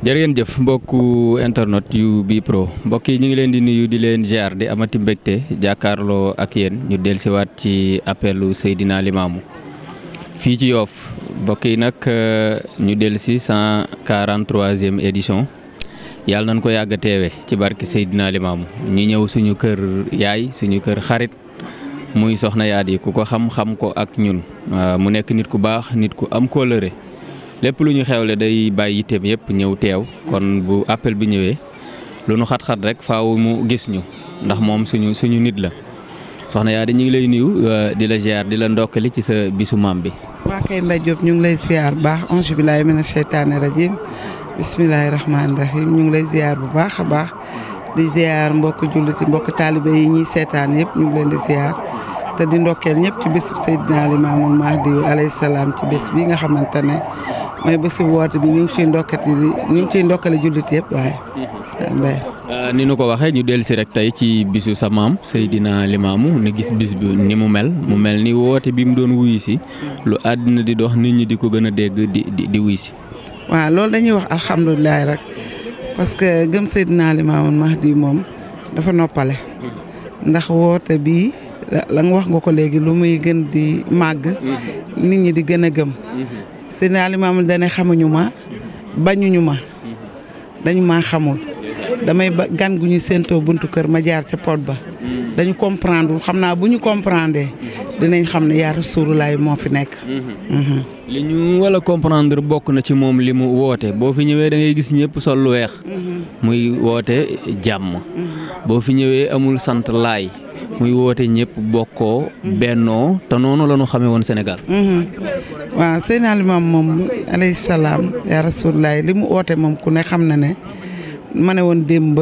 jërë ngeen jëf mbokk internet yu bi pro mbokk yi ñu ngi leen di nuyu di leen ziar di amati mbégte jàkkaarloo ak yéen ñu waat ci appelu Seydina Limaamu fii ci yoof mbokk yi nag euh, ñu dellusi cent quarante troisième édition yàlla nañ ko yàgg teewe ci barki Seydina Limaamu ñu ñëw suñu kër yaay suñu kër xarit muy soxna yaat yi ku ko xam xam ko ak ñun mu nekk nit ku baax nit ku am kóllëre lépp lu ñu xewle day bàyyi yitteem yëpp ñëw teew kon bu appel bi ñëwee lu nu xat-xat rek faaw mu gis ñu ndax moom suñu suñu nit la soxna yaa dañu ngi lay nuyu euh, di la ziar di la ndokkali ci sa bisu maam bi. waa kay Mbaye ñu ngi lay ziar bu baax ange billahi mina sheytaani rajim bismillahi rahmaani rahim ñu ngi lay ziar bu baax a baax di ziar mbokk julliti mbokk taalibe yi ñuy seetaan yëpp ñu ngi leen di ziar. te di ndokkeel ñëpp ci bés bu Seydina salaam ci bés bi nga xamante ne mooy bésu woote bi ñu ngi ciy ndokkati ñu ngi ciy ndokkale jullit yëpp waaye. Mhm. Euh, ni nu ko waxee ñu dellu si rek tey ci bisu sa maam Seydina Limaamu ni gis bis bi ni mu mel mu mel ni woote bi mu doon wuyu si lu àddina di dox nit ñi di ko gën a dégg di di di wuyu si. waaw loolu dañuy wax alhamdulilah rek parce que gëm Seydina Limaamu Mahdi moom dafa noppale. Mhm. ndax woote bi la nga wax nga ko léegi lu muy gën di màgg. Mhm. nit ñi di gën a gëm. Seydina Limaamu dane xamuñu ma bañuñu ma dañu maa xamul damay ba gan gu ñuy séentoo buntu kër ma jaar ca pot ba dañu comprendre xam naa bu ñu comprendre dinañ xam ne yaa Rasuulullaay moo fi nekk. li ñu wala comprendre bokk na ci moom li mu woote boo fi ñëwee da ngay gis ñëpp sol lu weex. Mhm. muy woote jàmm. Mhm. boo fi ñëwee amul sant laay. muy woote ñëpp bokkoo mhm. bennoo te noonu la ñu xamee woon Sénégal. Mhm. waaw Seydina moom alayhi salaam yaa rasulilah li mu oote moom ku ne xam na ne ma ne woon démb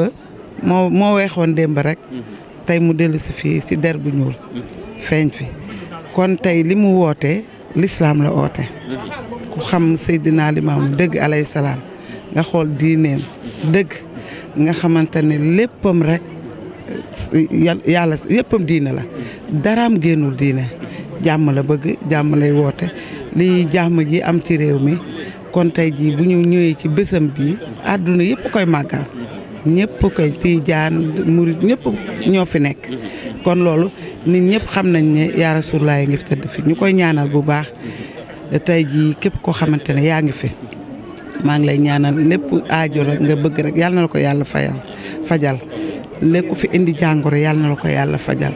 moo moo weexoon démb rek. Mhm. tey mu dellusi si fii si der bu ñuul. feeñ fi kon tey li mu woote lislaam la oote. ku xam Seydina Limaamu dëgg alayhi salaam nga xool diineem dëgg nga xamante léppam rek. yàlla yëppam diine la daraam génnul diine jàmm la bëgg jàmm lay woote li jàmm ji am ci réew mi kon tey jii bu ñu ñëwee ci bésam bii àdduna yëpp koy màggal ñëpp koy tiijaan murit ñëpp ñoo fi nekk kon loolu nit ñëpp xam nañ ne yaa Rasulullaah ngi fi tëdd fi ñu koy ñaanal bu baax tey jii képp koo xamante ne yaa ngi fi maa ngi lay ñaanal lépp aajo rek nga bëgg rek yàlla na la ko yàlla fayal fajal lekku fi indi jàngoro yàlla ko yàlla fajal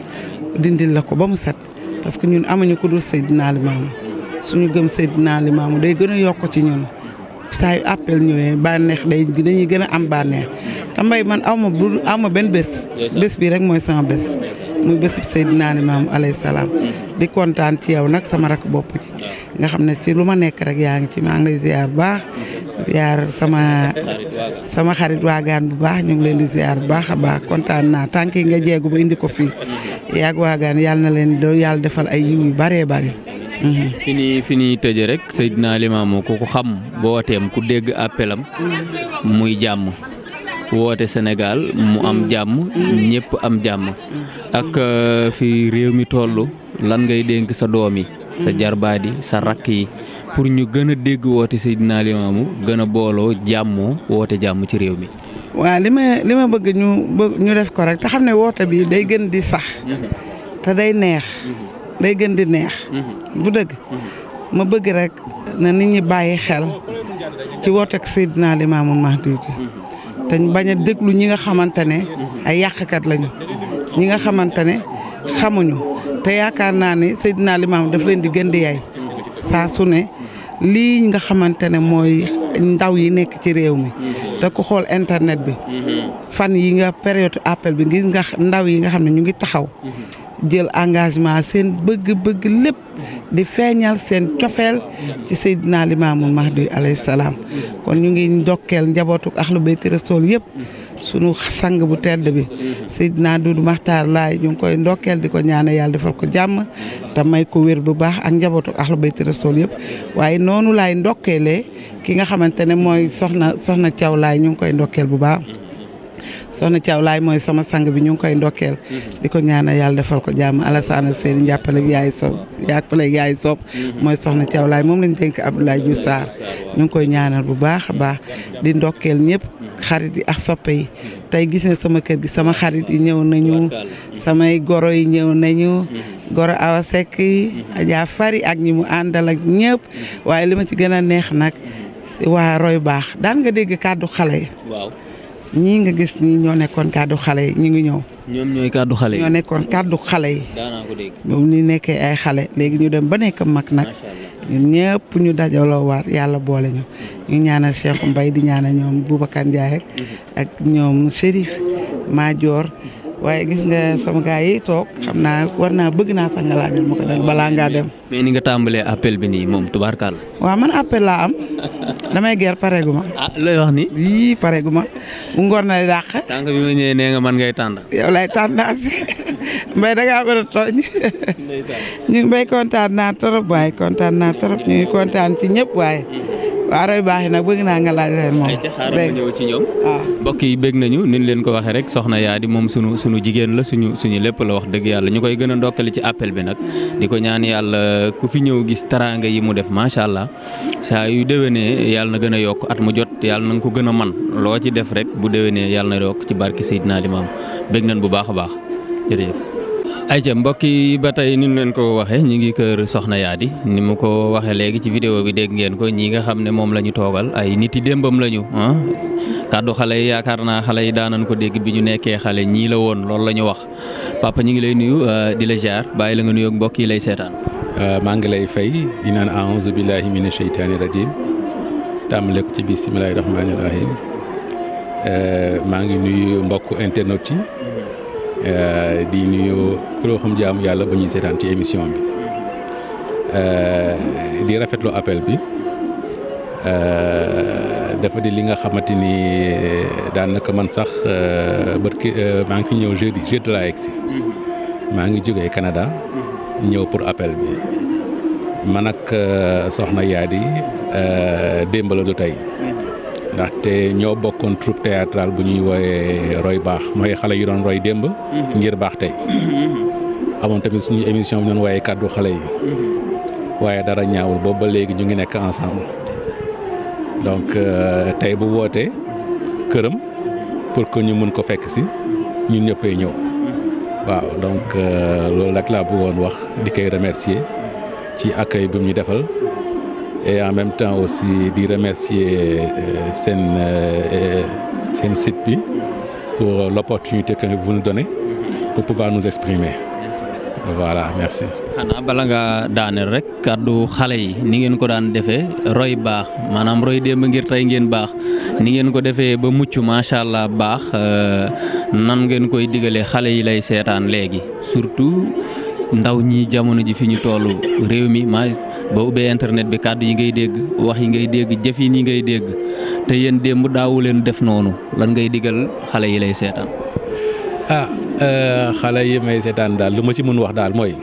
dindil la ko ba mu set parce que ñun amuñu ku dul Seydina Limaamu suñu gëm Seydina Limaamu day gën a yokk ci ñun saa yu appel ñëwee bànneex day dañuy gën a am bànneex te mbay man aw ma bu benn bés bés bi rek mooy sama bés muy bésub Seydina Limaamu alayhi salaam mm. di kontaan ci yow nag sama rakk bopp ci nga xam ne ci lu ma nekk rek yaa ngi ci maa ngi lay baax mm. ziar sama sama xarit waagaan bu baax ñu ngi leen di ziar bu baax a baax kontaan naa tànk yi nga jeegu ba indi ko fii yaag waagaan yàlla na leen doo yàlla defal ay yiw yu bëree bëri. Mhm. fi ni fi ni tëjee rek Seydina Limaamu ku ko xam booteem ku dégg appelam muy jàmm woote Sénégal mu am jàmm ñëpp am jàmm ak fi réew mi toll lan ngay dénk sa doom yi sa jarbaat sa rakk yi pour ñu gën a dégg woote Seydina Limaamu gën a booloo jàmmoo woote jàmm ci réew mi. waa li ma li ma bëgg ñu ñu def ko rek te xam ne woote bi day gën di sax. te day neex. day gën di neex. bu dëgg. ma bëgg rek na nit ñi bàyyi xel ci woote Seydina Limaamu Mahdi gi te ñu bañ a déglu ñi nga xamante ne ay yàqkat lañu ñi nga xamante ne xamuñu te yaakaar naa ne Seydina Limaamu daf leen di gën di yaay saa su ne. lii nga xamante ne mooy ndaw yi nekk ci réew mi te ku xool internet bi mm-hmm. fan yi nga période appel bi ngir nga ndaw yi nga xam ne ñu ngi taxaw mm-hmm. jël engagement seen bëgg-bëgg lépp di feeñal seen cofeel ci Seydina Limaamul Mahdi alayhi salaam kon ñu ngi ndokkeel njabootu Ahlu Bayti Rasul yëpp sunu sang bu tedd bi Seydina du Maxtaar laay ñu ngi koy ndokkeel di ko ñaane yàlla defal ko jàmm te may ko wér bu baax ak njabootu Ahlu Bayti Rasul yëpp waaye noonu laay ndokkeelee ki nga xamante ne mooy soxna soxna Thiaw laay ñu ngi koy ndokkeel bu baax soxna Thiaw laay mooy sama sang bi ñu ngi koy ndokkeel mhm. di ko ñaanal yàlla defal ko jàmm Alassane ak Seydou njàppale yaay soob yàppale ak yaay soob mhm. mooy soxna Thiaw laay moom lañ dénk Abdoulaye Diouf Sarr ñu ngi koy ñaanal bu baax a baax di ndokkeel ñëpp mhm. xarit yi ak soppe tey gis na sama kër gi sama xarit yi ñëw nañu samay goro yi ñëw nañu goro Awa Seck yi Adja Fari ak ñi mu àndal ak ñëpp waaye li ma ci gën a neex nag waa roy baax daan nga dégg kàddu xale yi waaw ñii nga gis nii ñoo nekkoon kàddu xale yi ñu ngi ñëw. ñoom ñooy kàddu xale yi ñoo nekkoon kàddu xale yi. daanaa moom ñu nekkee ay xale léegi ñu dem ba nekk mag nag. ñun ñu dajaloo waat yàlla boole ñu. ñu ñaanal Cheikh Mbaye di ñaanal ñoom Boubacar Ndiaye ak mhm. ñoom Serif maajoor waaye gis nga sama gars yi toog xam naa war naa bëgg naa sax nga ko dal balaa ngaa dem. mais ni nga tàmbalee appel bi nii moom tubaarkaal. waaw man appel laa am damay ger pareegu ma. ah looy wax ni yii pareegu ma bu na dàq. nga man ngay tànn. yow lay tànnaas mbay da ngaa bëgg a tooñ. ñu mbay kontaan naa trop waaye kontaan naa trop ñu ngi kontaan si ñëpp waaye. waaw roy baax yi nag bëgg naa nga laa leen moom. ayca ñëw mbokk yi bëgg nañu niñ leen ko waxee rek soxna di moom sunu sunu jigéen la suñu suñu lépp la wax dëgg yàlla ñu koy gën a ndokkali ci appel bi nag di ko ñaan yàlla ku fi ñëw gis taraanga yi mu def macha allah saa yu déwénee yàlla na gën a yokk at mu jot yàlla na nga ko gën a man loo ci def rek bu déwénee yàlla na yokk ci barke naa Limam bëgg nañ bu baax a baax jërëjëf ayca mbokk yi ba tey ni ñu leen ko waxee ñi ngi kër Soxna Yaadi ni mu ko waxee léegi ci vidéo bi dégg ngeen ko ñi nga xam ne moom la ñu toogal ay nit yi démbam la ñu ah kàddu xale yi yaakaar naa xale yi daanañ ko dégg bi ñu nekkee xale ñii la woon loolu la ñu wax papa ñu ngi lay nuyu euh, di la ziar bàyyi la nga nuyoog mbokk yi lay seetaan. Euh, maa ngi lay fay di naan a'uuzu billaahi mina sheytaani rajiim tàmbale ko ci bismillaahi rahmaani rahiim euh, maa ngi nuyu mbokk internet yi. Euh, di nuyu kuloo xam jaam yàlla ba ñu seetaan ci émission bi euh, di rafetlu appel bi euh, dafa di li nga xamante ni daanaka man sax barki maa ngi fi ñëw jeudi jeudi laa si mhm. maa ngi jógee Canada mhm. ñëw pour appel bi man ak soxna Yaadi démb la du tey mhm. ndaxte ñoo bokkoon troupe théâtrale bu ñuy wooyee roy baax mooy xale yi doon roy démb. Mhm. ngir baax tey. Mhm. amoon tamit suñu émission bi ñu doon wooyee kàddu xale yi. Mhm. waaye dara ñaawul boobu ba léegi ñu ngi nekk ensemble. donc euh, tey bu wootee këram pour que ñu mën ko fekk si ñun ñëppay ñëw. waaw donc euh, loolu rek laa bëggoon wax di koy remercier ci accueil bi mu ñu defal. et en même temps aussi di remercier euh, seen euh, seen site bi pour l'opportunité que vous nous donnez pour pouvoir nous exprimer voilà merci. xanaa bala nga daaneel rek kàddu xale yi ni ngeen ko daan defee roy baax maanaam roy démb ngir tey ngeen baax ni ngeen ko defee ba mucc macha allah baax euh, nan ngeen koy digalee xale yi lay seetaan léegi surtout ndaw ñi jamono ji fi ñu toll réew mi ba ubbee internet bi kàddu yi ngay dégg wax yi ngay dégg jëf yi nii ngay dégg te yéen démb daawu leen def noonu lan ngay digal xale yi lay seetaan. ah euh, xale yi may seetaan daal lu ma ci mën wax daal mooy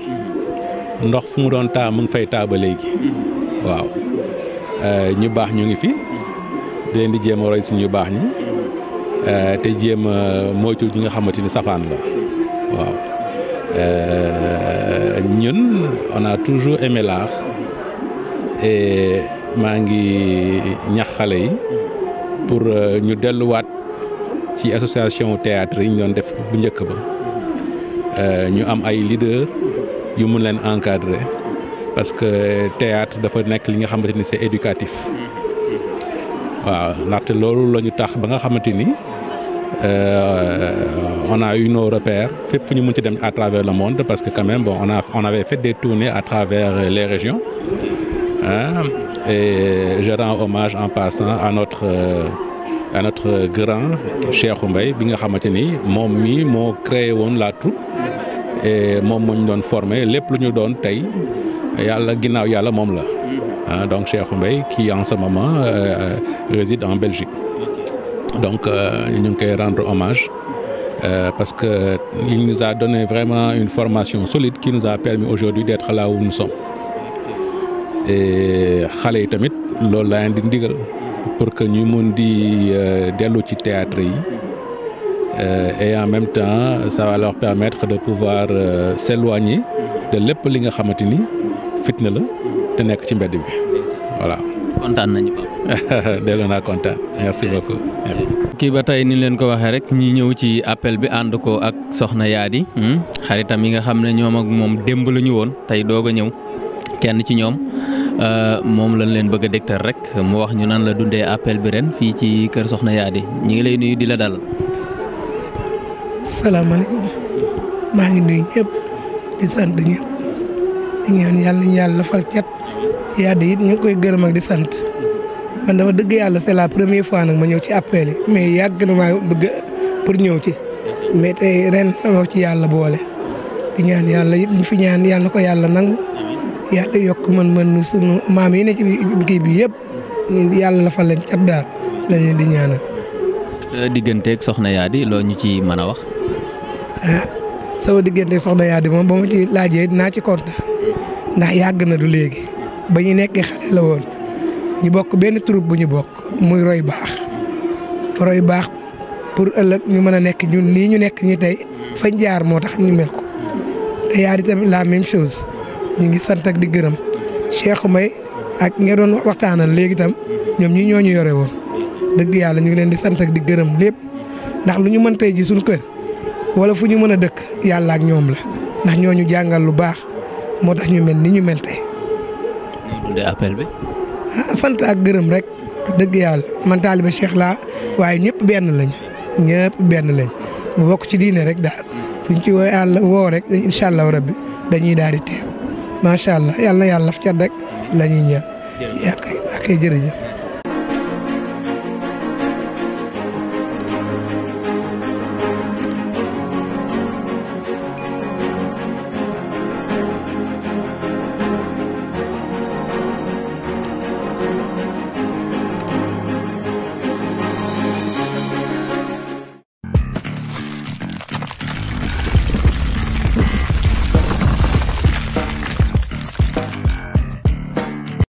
ndox fu mu doon taa mu ngi fay taaba léegi waaw euh, ñu baax ñu ngi fi di leen di jéem a roy suñu baax ñi euh, te jéem a moytu ñi nga xamante ni safaan la waaw ñun on toujours aimé maa ngi ñax xale yi pour euh, ñu delluwaat ci association théâtre yi ñu doon def bu njëkk ba euh, ñu am ay leader yu mun leen encadrer parce que théâtre dafa nekk li nga xamante ni c'est éducatif waaw ndaxte loolu la ñu tax ba nga xamante ni euh, on a eu nos repères fépp fu ñu mën ci dem à travers le monde parce que quand même bon on a on avait fait des à travers les régions Hein? Ah, et je hommage en passant à notre euh, à notre grand Cheikh Mbaye bi nga xamante ni moom mii moo créé woon la troupe et moom mooñ ñu doon formé lépp lu ñu doon tey yàlla ginnaaw yàlla moom la ah donc Cheikh Mbaye qui en ce moment euh, euh réside en Belgique donc euh, ñu ngi koy rendre hommage euh, parce que il nous a donné vraiment une formation solide qui nous a permis aujourd'hui d'être là où nous xale yi tamit lool laa di ndigal pour que ñu mun di euh, dellu ci théâtre yi euh, et en même temps ça va leur de pouvoir euh, s'éloigner de lépp li nga xamante ni fitna la te nekk ci mbedd bi voilà. kontaan nañu ba. delloo naa kontaan merci beaucoup kii ba tey ni leen ko waxee rek ñu ñëw ci appel bi ànd ko ak soxna Yaadi hmm? xaritam yi nga xam ne ñoom ak moom démb la woon tey doog a ñëw kenn ci ñoom. Euh, moom lañ leen bëgg a dégtal rek mu wax ñu naan la dundee appel bi ren fii ci kër Soxna Yaadi ñu ngi lay nuyu di la dalal. salaamalekum maa ngi nuyu ñëpp di sant ñëpp di ñaan yàlla ñu yàlla fal cat Yaadi it ñu koy gërëm ak di sant man dafa dëgg yàlla c'est la première fois nag ma ñëw ci appel yi mais yàgg na maa bëgg pour ñëw ci. mais tey ren moo ci yàlla boole di ñaan yàlla it ñu fi ñaan yàlla ko yàlla nangu. yàlla yokk mën-mën nu sunu maam yi ne ci kii bi yëpp yàlla la fa lañ cat daal di ñaana sa digganteeg soxna Yaadi loo ñu ci mën a wax. ah sama digganteeg soxna Yaadi moom ba ma ci laajee naa ci kontaan ndax yàgg na du léegi ba ñu nekk xale la woon ñu bokk benn troupe bu ñu bokk muy roy baax roy baax pour ëllëg ñu mën a nekk ñun lii ñu nekk ñi tey fañ jaar moo tax ñu mel ko te Yaadi tamit la même chose. ñu ngi sant ak di gërëm Cheikh May ak nga doon waxtaanal léegi itam ñoom ñu ñoo ñu yore woon dëgg yàlla ñu ngi leen di sant di gërëm lépp ndax lu ñu mën tey ji suñu kër wala fu ñu mën a dëkk yàlla ak ñoom la ndax ñoo ñu jàngal lu baax moo tax ñu mel ni ñu mel tey. bi. Ah, sant ak gërëm rek dëgg yàlla man taaliba Cheikh laa waaye ñëpp benn lañ ñëpp benn lañ bokk ci diine rek daal fu ñu ci woo yàlla woo rek incha rabbi dañuy daal di teew. macha allah yàlla na yàlla laf cat rek la ñuy ñaan.